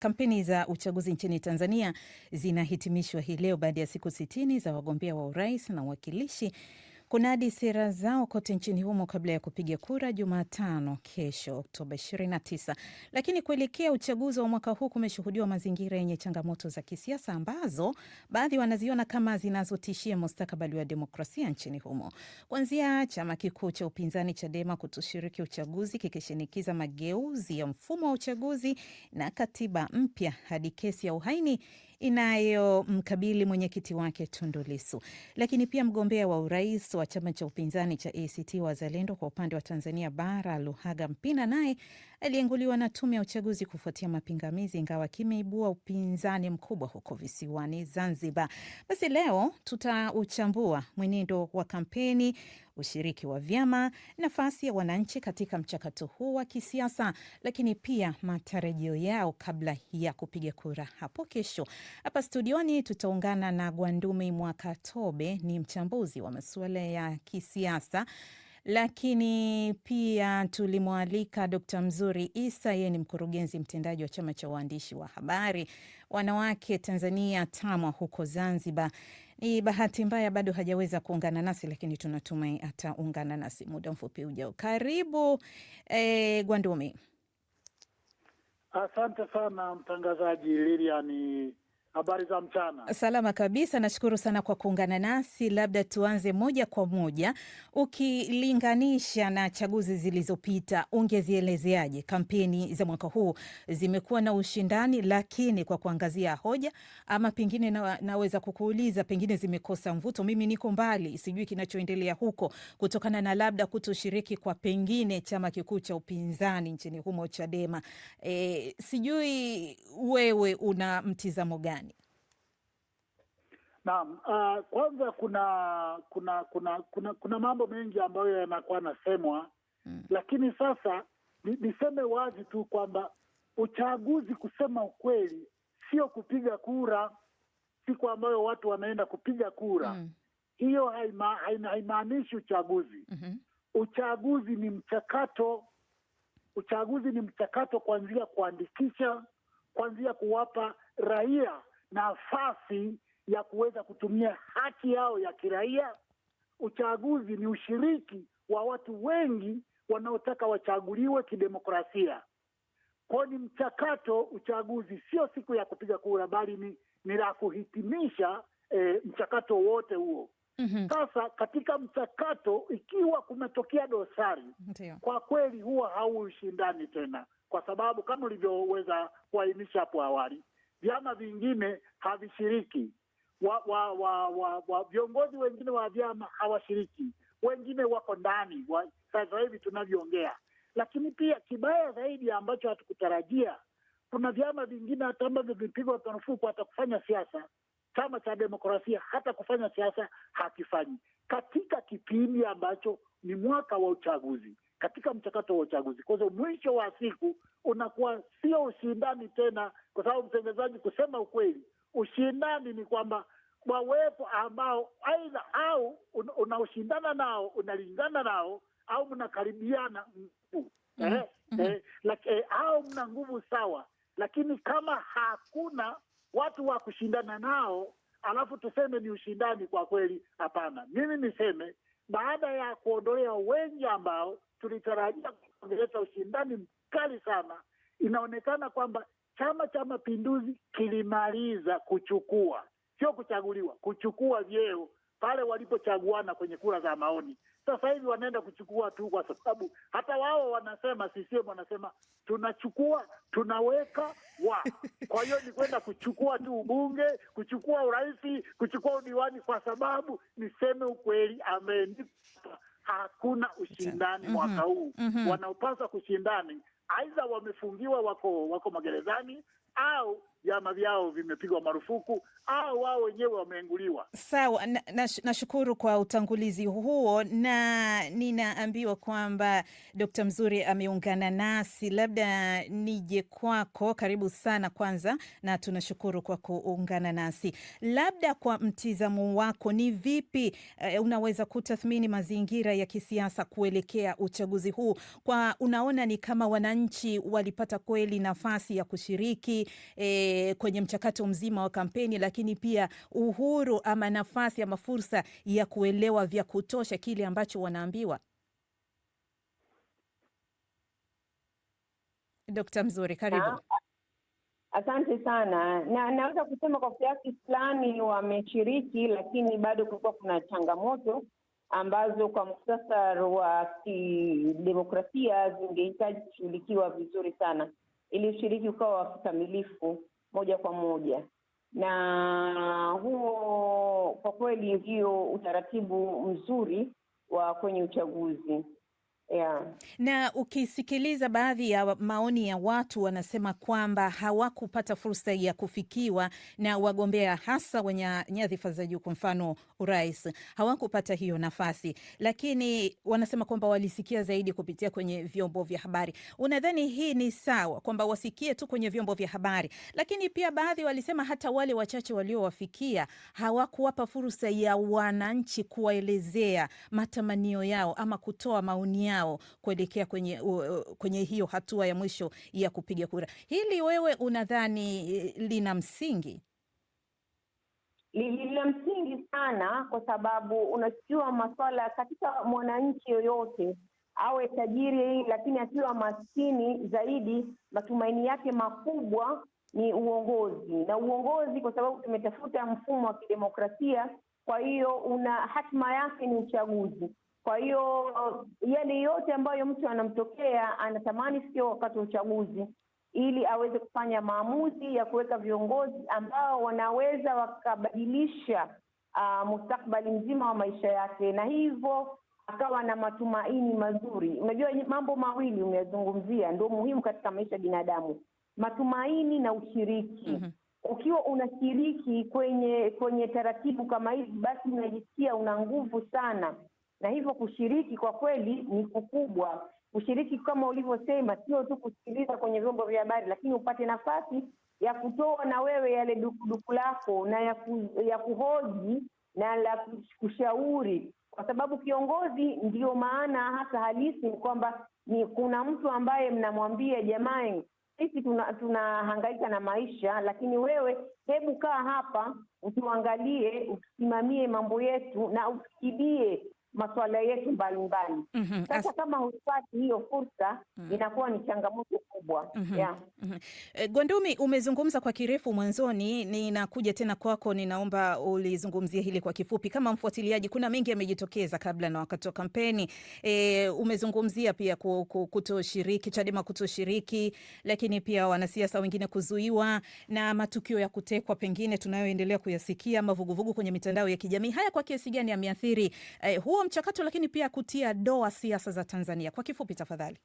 Kampeni za uchaguzi nchini Tanzania zinahitimishwa hii leo baada ya siku sitini za wagombea wa urais na uwakilishi kunadi sera zao kote nchini humo kabla ya kupiga kura Jumatano kesho Oktoba 29. Lakini kuelekea uchaguzi wa mwaka huu kumeshuhudiwa mazingira yenye changamoto za kisiasa ambazo baadhi wanaziona kama zinazotishia mustakabali wa demokrasia nchini humo, kuanzia chama kikuu cha upinzani Chadema kutoshiriki uchaguzi kikishinikiza mageuzi ya mfumo wa uchaguzi na katiba mpya hadi kesi ya uhaini inayomkabili mwenyekiti wake Tundu Lissu. Lakini pia mgombea wa urais wa chama cha upinzani cha ACT Wazalendo kwa upande wa Tanzania Bara, Luhaga Mpina, naye alienguliwa na tume ya uchaguzi kufuatia mapingamizi, ingawa kimeibua upinzani mkubwa huko visiwani Zanzibar. Basi leo tutauchambua mwenendo wa kampeni ushiriki wa vyama, nafasi ya wananchi katika mchakato huu wa kisiasa, lakini pia matarajio yao kabla ya kupiga kura hapo kesho. Hapa studioni tutaungana na Gwandumi Mwakatobe, ni mchambuzi wa masuala ya kisiasa lakini pia tulimwalika Dkt. Mzuri Isa, yeye ni mkurugenzi mtendaji wa chama cha waandishi wa habari wanawake Tanzania TAMWA huko Zanzibar. Ni bahati mbaya bado hajaweza kuungana nasi, lakini tunatumai ataungana nasi muda mfupi ujao. Karibu eh, Gwandumi. Asante sana mtangazaji liliani Habari za mchana. Salama kabisa, nashukuru sana kwa kuungana nasi. Labda tuanze moja kwa moja, ukilinganisha na chaguzi zilizopita, ungezielezeaje? Kampeni za mwaka huu zimekuwa na ushindani, lakini kwa kuangazia hoja ama pengine na, naweza kukuuliza pengine zimekosa mvuto. Mimi niko mbali, sijui kinachoendelea huko, kutokana na labda kutoshiriki kwa pengine chama kikuu cha upinzani nchini humo Chadema. E, sijui wewe una mtizamo gani? Naam, uh, kwanza kuna kuna kuna kuna kuna mambo mengi ambayo yanakuwa nasemwa mm. Lakini sasa ni, niseme wazi tu kwamba uchaguzi, kusema ukweli, sio kupiga kura siku ambayo watu wanaenda kupiga kura mm. Hiyo haima, haimaanishi uchaguzi mm -hmm. Uchaguzi ni mchakato, uchaguzi ni mchakato kuanzia kuandikisha, kuanzia kuwapa raia nafasi ya kuweza kutumia haki yao ya kiraia. Uchaguzi ni ushiriki wa watu wengi wanaotaka wachaguliwe kidemokrasia. Kwao ni mchakato uchaguzi, sio siku ya kupiga kura, bali ni, ni la kuhitimisha e, mchakato wote huo. Mhm. Sasa katika mchakato ikiwa kumetokea dosari, Ndiyo. kwa kweli huwa haushindani tena, kwa sababu kama ulivyoweza kuainisha hapo awali, vyama vingine havishiriki wa, wa, wa, wa, wa viongozi wengine wa vyama hawashiriki, wengine wako ndani sasa hivi tunavyoongea. Lakini pia kibaya zaidi ambacho hatukutarajia, kuna vyama vingine hata ambavyo vimepigwa marufuku hata kufanya siasa. Chama cha Demokrasia hata kufanya siasa hakifanyi katika kipindi ambacho ni mwaka wa uchaguzi, katika mchakato wa uchaguzi. Kwa hiyo mwisho wa siku unakuwa sio ushindani tena, kwa sababu mtengenezaji, kusema ukweli ushindani ni kwamba wawepo ambao aidha au unaoshindana nao unalingana nao au mnakaribiana nguvu mm eh, mm. Eh, eh, au mna nguvu sawa, lakini kama hakuna watu wa kushindana nao alafu tuseme ni ushindani kwa kweli, hapana. Mimi niseme baada ya kuondolea wengi ambao tulitarajia kuongeleza ushindani mkali sana, inaonekana kwamba Chama cha Mapinduzi kilimaliza kuchukua, sio kuchaguliwa, kuchukua vyeo pale walipochaguana kwenye kura za maoni. Sasa hivi wanaenda kuchukua tu, kwa sababu hata wao wanasema, CCM wanasema tunachukua tunaweka wa. Kwa hiyo ni kwenda kuchukua tu ubunge, kuchukua urais, kuchukua udiwani, kwa sababu niseme ukweli, amenipa hakuna ushindani mm-hmm. mwaka huu. mm -hmm. Wanaopaswa kushindani aidha wamefungiwa, wako wako magerezani au vyama vyao vimepigwa marufuku au wao wenyewe wameenguliwa. Sawa, nashukuru na, na kwa utangulizi huo, na ninaambiwa kwamba Dkt. Mzuri ameungana nasi. Labda nije kwako, karibu sana kwanza, na tunashukuru kwa kuungana nasi. Labda kwa mtizamo wako ni vipi, uh, unaweza kutathmini mazingira ya kisiasa kuelekea uchaguzi huu, kwa unaona ni kama wananchi walipata kweli nafasi ya kushiriki eh, Eh, kwenye mchakato mzima wa kampeni, lakini pia uhuru ama nafasi ama fursa ya kuelewa vya kutosha kile ambacho wanaambiwa. dokta Mzuri, karibu. Ah, asante sana na naweza kusema kwa kiasi fulani wameshiriki, lakini bado kulikuwa kuna changamoto ambazo kwa muhtasari wa kidemokrasia zingehitaji kushughulikiwa vizuri sana ili ushiriki ukawa wa kikamilifu moja kwa moja, na huo kwa kweli ndio utaratibu mzuri wa kwenye uchaguzi. Yeah. Na ukisikiliza baadhi ya maoni ya watu wanasema kwamba hawakupata fursa ya kufikiwa na wagombea hasa wenye nyadhifa za juu, kwa mfano urais, hawakupata hiyo nafasi, lakini wanasema kwamba walisikia zaidi kupitia kwenye vyombo vya habari. Unadhani hii ni sawa kwamba wasikie tu kwenye vyombo vya habari? Lakini pia baadhi walisema hata wale wachache waliowafikia hawakuwapa fursa ya wananchi kuwaelezea matamanio yao ama kutoa maoni yao nao kuelekea kwenye, kwenye hiyo hatua ya mwisho ya kupiga kura. Hili wewe unadhani eh, lina msingi? Lina msingi sana, kwa sababu unajua maswala katika mwananchi yoyote awe tajiri lakini akiwa maskini zaidi, matumaini yake makubwa ni uongozi na uongozi, kwa sababu tumetafuta mfumo wa kidemokrasia. Kwa hiyo una hatima yake ni uchaguzi. Kwa hiyo yale yote ambayo mtu anamtokea, anatamani sio wakati wa uchaguzi, ili aweze kufanya maamuzi ya kuweka viongozi ambao wanaweza wakabadilisha uh, mustakbali mzima wa maisha yake, na hivyo akawa na matumaini mazuri. Unajua, mambo mawili umeyazungumzia ndio muhimu katika maisha ya binadamu, matumaini na ushiriki. mm -hmm. Ukiwa unashiriki kwenye kwenye taratibu kama hizi, basi unajisikia una nguvu sana na hivyo kushiriki kwa kweli ni kukubwa. Kushiriki kama ulivyosema, sio tu kusikiliza kwenye vyombo vya habari, lakini upate nafasi ya kutoa na wewe yale dukuduku lako na ya, ku, ya kuhoji na la kushauri, kwa sababu kiongozi, ndiyo maana hasa halisi ni kwamba ni kuna mtu ambaye mnamwambia jamani, sisi tunahangaika tuna na maisha, lakini wewe hebu kaa hapa utuangalie, usimamie mambo yetu na usikibie masuala yetu mbalimbali mm -hmm. Sasa As... kama hupati hiyo fursa mm -hmm. inakuwa ni changamoto kubwa mm -hmm. yeah. mm -hmm. Eh, Gwandumi, umezungumza kwa kirefu mwanzoni, ninakuja tena kwako, ninaomba ulizungumzie hili kwa kifupi. Kama mfuatiliaji, kuna mengi yamejitokeza kabla na wakati wa kampeni e, umezungumzia pia kutoshiriki Chadema, kutoshiriki lakini pia wanasiasa wengine kuzuiwa na matukio ya kutekwa pengine tunayoendelea kuyasikia mavuguvugu kwenye mitandao ya kijamii. Haya kwa kiasi gani yameathiri e, huo huo mchakato, lakini pia kutia doa siasa za Tanzania? Kwa kifupi tafadhali.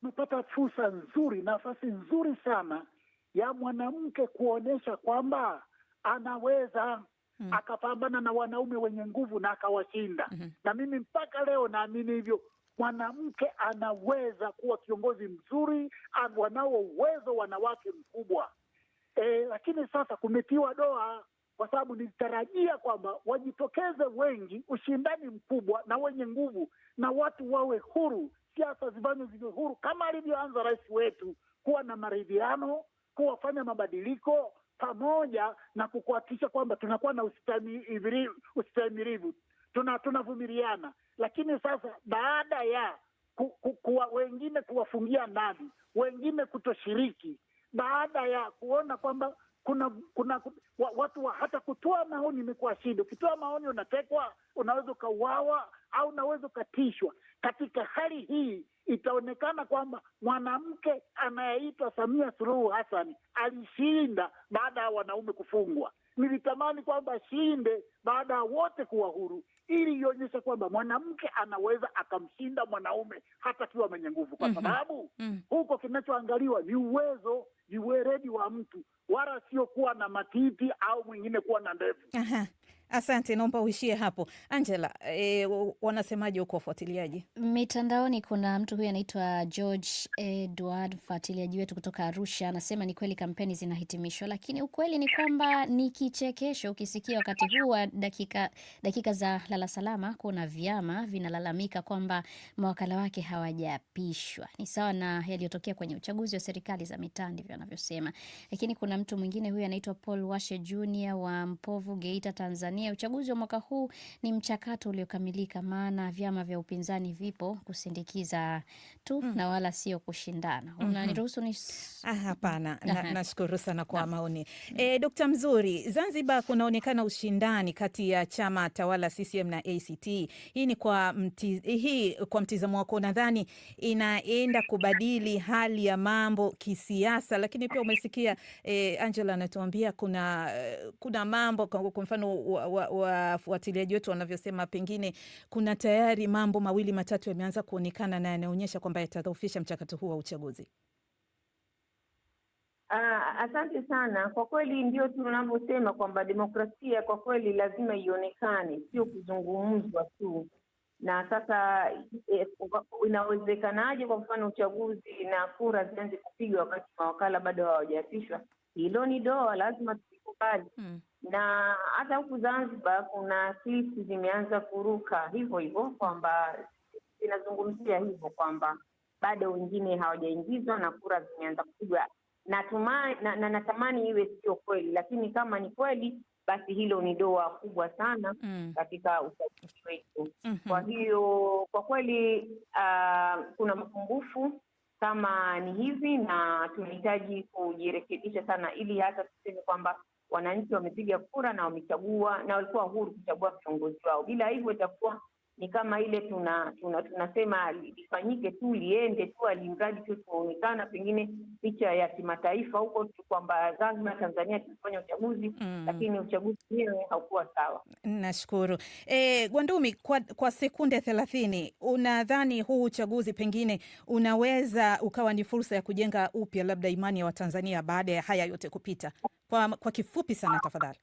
Tumepata fursa nzuri, nafasi nzuri sana ya mwanamke kuonyesha kwamba anaweza Mm Akapambana na wanaume wenye nguvu na akawashinda. mm -hmm. Na mimi mpaka leo naamini hivyo, mwanamke anaweza kuwa kiongozi mzuri, wanao uwezo wanawake mkubwa. E, lakini sasa kumetiwa doa kwa sababu nilitarajia kwamba wajitokeze wengi, ushindani mkubwa na wenye nguvu, na watu wawe huru, siasa zifanywe ziwe huru kama alivyoanza rais wetu, kuwa na maridhiano, kuwafanya mabadiliko pamoja na kukuhakikisha kwamba tunakuwa na ustahimilivu, tuna tunavumiliana. Lakini sasa baada ya ku, ku, kuwa, wengine kuwafungia ndani, wengine kutoshiriki, baada ya kuona kwamba kuna kuna wa, watu wa hata kutoa maoni imekuwa shida. Ukitoa maoni unatekwa, unaweza ukauawa au unaweza ukatishwa. Katika hali hii itaonekana kwamba mwanamke anayeitwa Samia Suluhu Hassan alishinda baada ya wanaume kufungwa. Nilitamani kwamba ashinde baada ya wote kuwa huru, ili ionyesha kwamba mwanamke anaweza akamshinda mwanaume hata akiwa mwenye nguvu, kwa mhm. sababu mm -hmm. huko kinachoangaliwa ni uwezo ni wa mtu, wala sio kuwa na matiti au mwingine kuwa na ndevu. Asante, naomba uishie hapo Angela. E, wanasemaje huko wafuatiliaji mitandaoni? Kuna mtu huyu anaitwa George Edward, mfuatiliaji wetu kutoka Arusha, anasema ni kweli kampeni zinahitimishwa, lakini ukweli ni kwamba ni kichekesho ukisikia wakati huu wa dakika, dakika za lala salama kuna vyama vinalalamika kwamba mawakala wake hawajapishwa. Ni sawa na yaliyotokea kwenye uchaguzi wa serikali za mitaa, ndivyo anavyosema. Lakini kuna mtu mwingine huyu anaitwa Paul Washe Junior wa Mpovu, Geita, Tanzania Tanzania, uchaguzi wa mwaka huu ni mchakato uliokamilika, maana vyama vya upinzani vipo kusindikiza tu mm. na wala sio kushindana. Mm-hmm. Unaniruhusu ni ah, hapana? Nashukuru sana kwa maoni e, Dokta Mzuri. Zanzibar kunaonekana ushindani kati ya chama tawala CCM na ACT. Hii ni kwa mti, hii kwa mtizamo wako nadhani inaenda kubadili hali ya mambo kisiasa, lakini pia umesikia eh, Angela anatuambia kuna eh, kuna mambo kwa mfano wafuatiliaji wa, wa, wetu wanavyosema, pengine kuna tayari mambo mawili matatu yameanza kuonekana na yanaonyesha kwamba yatadhoofisha mchakato huu wa uchaguzi? Uh, asante sana. Kwa kweli ndio tunavyosema kwamba demokrasia kwa kweli lazima ionekane, sio kuzungumzwa tu. Na sasa eh, inawezekanaje kwa mfano uchaguzi na kura zianze kupigwa wakati mawakala bado hawajaapishwa? Hilo ni doa, lazima tulikubali. Hmm na hata huku Zanzibar kuna klisi zimeanza kuruka hivyo hivyo, kwamba zinazungumzia hivyo kwamba bado wengine hawajaingizwa na kura zimeanza kupigwa. Natumai na, na natamani iwe sio kweli, lakini kama ni kweli basi hilo ni doa kubwa sana mm. katika usajili wetu mm -hmm. Kwa hiyo kwa kweli uh, kuna mapungufu kama ni hivi, na tunahitaji kujirekebisha sana, ili hata tuseme kwamba wananchi wamepiga kura na wamechagua na walikuwa huru kuchagua viongozi wao. Bila hivyo itakuwa ni kama ile tuna, tuna tunasema lifanyike tu liende tu alimradi tu tunaonekana pengine picha ya kimataifa huko tu kwamba Zanzibar, Tanzania tufanya uchaguzi mm. Lakini uchaguzi wenyewe haukuwa sawa. Nashukuru e, Gwandumi kwa, kwa sekunde thelathini, unadhani huu uchaguzi pengine unaweza ukawa ni fursa ya kujenga upya labda imani ya Watanzania baada ya haya yote kupita? kwa, kwa kifupi sana tafadhali.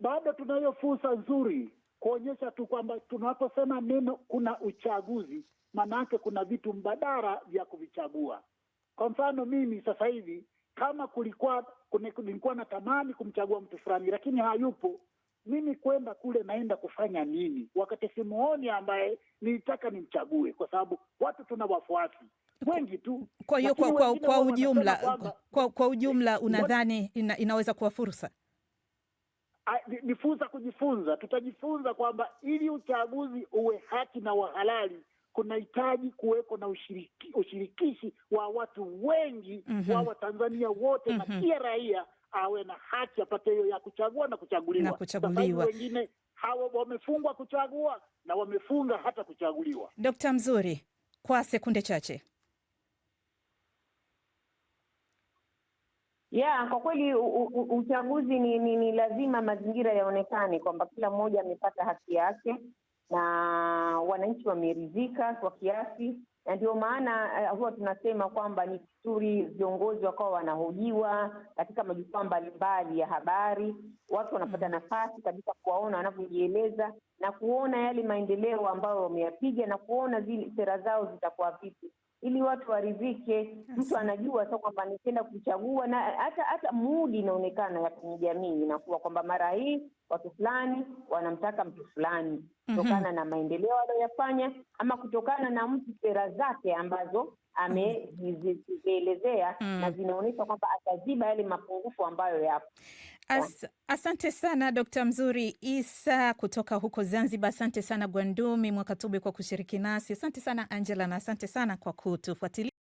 Bado tunayo fursa nzuri kuonyesha tu kwamba tunaposema neno kuna uchaguzi, maanake kuna vitu mbadala vya kuvichagua. Kwa mfano mimi sasa hivi kama kulikuwa nilikuwa natamani kumchagua mtu fulani, lakini hayupo, mimi kwenda kule naenda kufanya nini wakati simuoni ambaye nilitaka nimchague? Kwa sababu watu tuna wafuasi wengi tu. Kwa hiyo kwa, kwa, kwa ujumla kwa, kwa, ujumla unadhani ina, inaweza kuwa fursa ni fursa kujifunza. Tutajifunza kwamba ili uchaguzi uwe haki na wahalali kunahitaji kuweko na ushiriki, ushirikishi wa watu wengi mm -hmm. wa Watanzania wote mm -hmm. na mhm. kila raia awe na haki apate hiyo ya kuchagua na kuchaguliwa, na kuchaguliwa. Wengine hawa wamefungwa kuchagua na wamefunga hata kuchaguliwa. dokta Mzuri, kwa sekunde chache Yeah, kwa kweli uchaguzi ni, ni, ni lazima mazingira yaonekane kwamba kila mmoja amepata haki yake na wananchi wameridhika kwa kiasi, na ndio maana uh, huwa tunasema kwamba ni vizuri viongozi wakawa wanahojiwa katika majukwaa mbalimbali ya habari, watu wanapata mm. nafasi kabisa kuwaona wanavyojieleza na kuona yale maendeleo ambayo wameyapiga na kuona zile sera zao zitakuwa vipi ili watu waridhike. Mtu anajua sa kwamba nikienda kuchagua, na hata hata mudi inaonekana ya kwenye jamii inakuwa kwamba mara hii watu fulani wanamtaka mtu fulani mhm. kutokana mm -hmm. na maendeleo aliyoyafanya ama kutokana na mtu sera zake ambazo amezielezea mm. na zinaonyesha kwamba ataziba yale mapungufu ambayo yapo. As, asante sana Dkt. Mzuri Isa kutoka huko Zanzibar. Asante sana Gwandumi Mwakatube kwa kushiriki nasi. Asante sana Angela na asante sana kwa kutufuatilia.